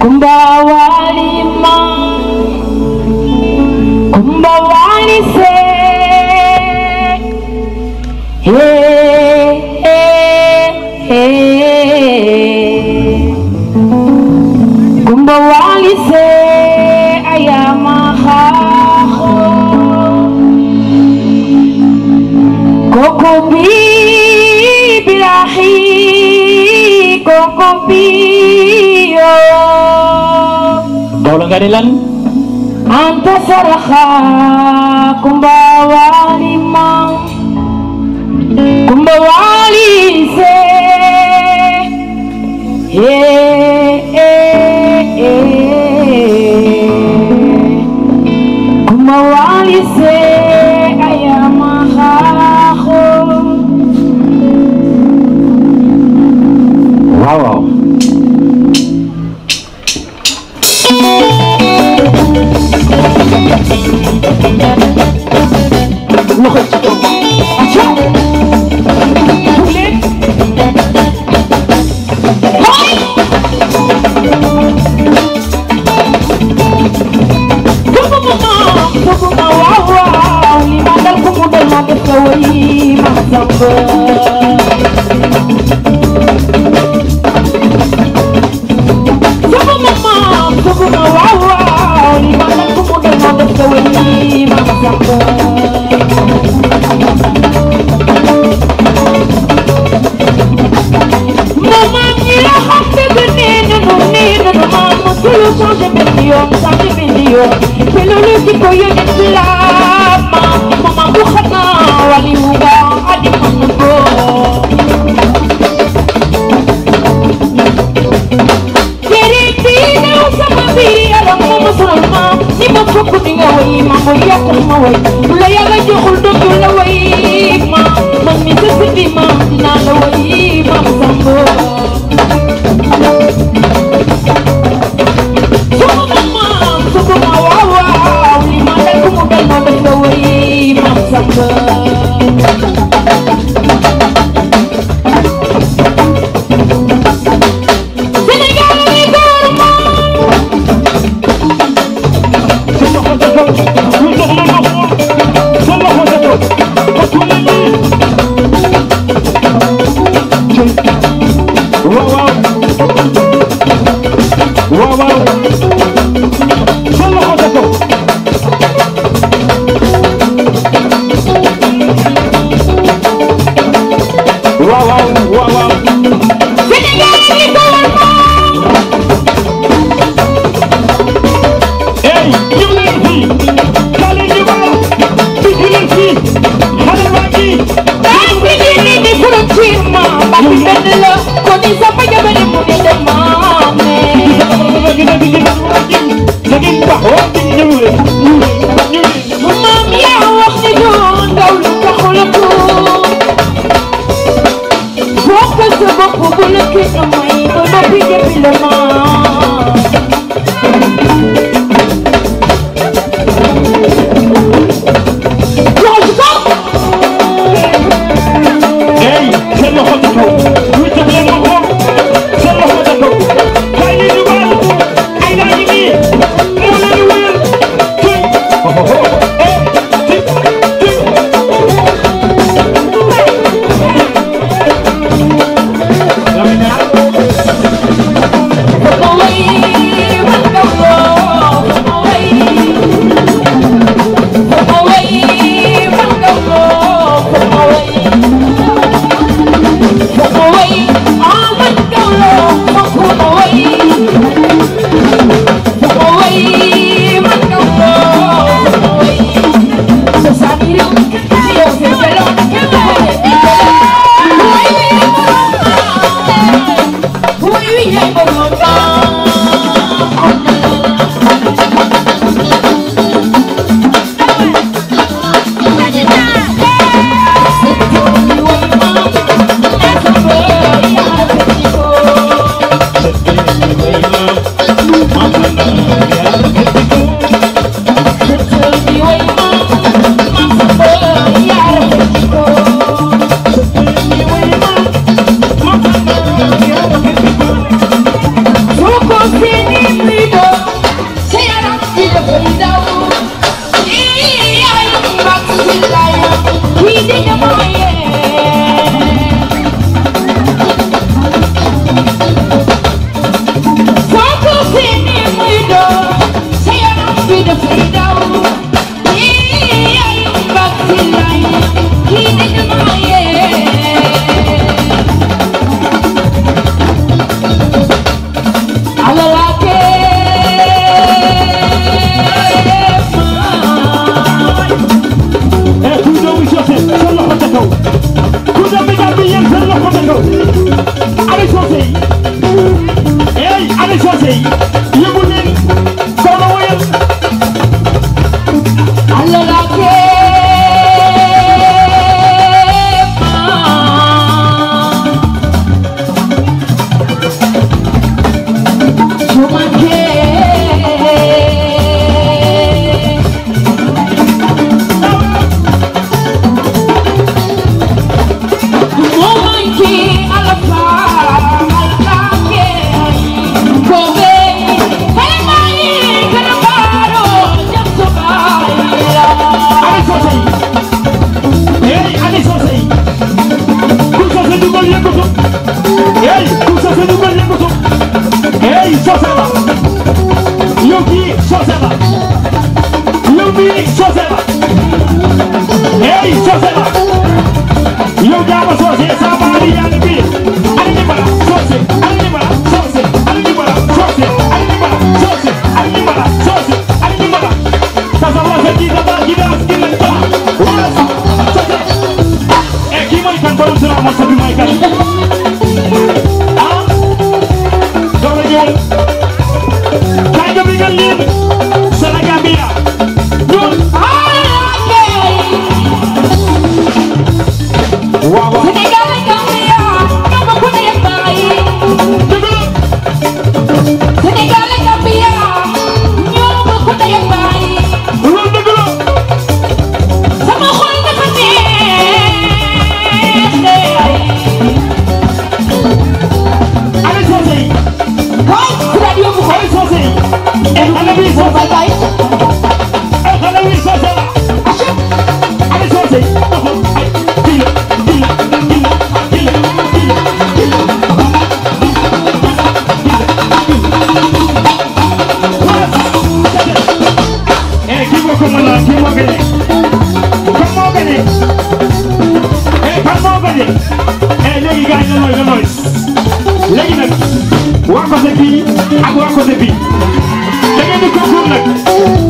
kumbawa lima dari lan anta saraha kumbawa limang kumbawa lise he he he e, kumbawa lise Wow. wow. 残りちょっとあち ko yónni islam mooma bu xanaa waliwu ba adi xam ko yére bi daw sama biir yaram mooma sonal ma ni ma fokk di nga way ma ko yokkal ma way la yàlla joxul dootul la way ma man mi sësi bi ma dinaa la way Yuki Joseba. Yumi Joseba. Hey Joseba. You got a sausage, somebody on the beat. Animal, sausage, animal, sausage, animal, sausage, animal, sausage, animal, sausage. loolu mooy loolu mooy léegi nag waa côté bii ak waa côté bii da ngeen di concours nag.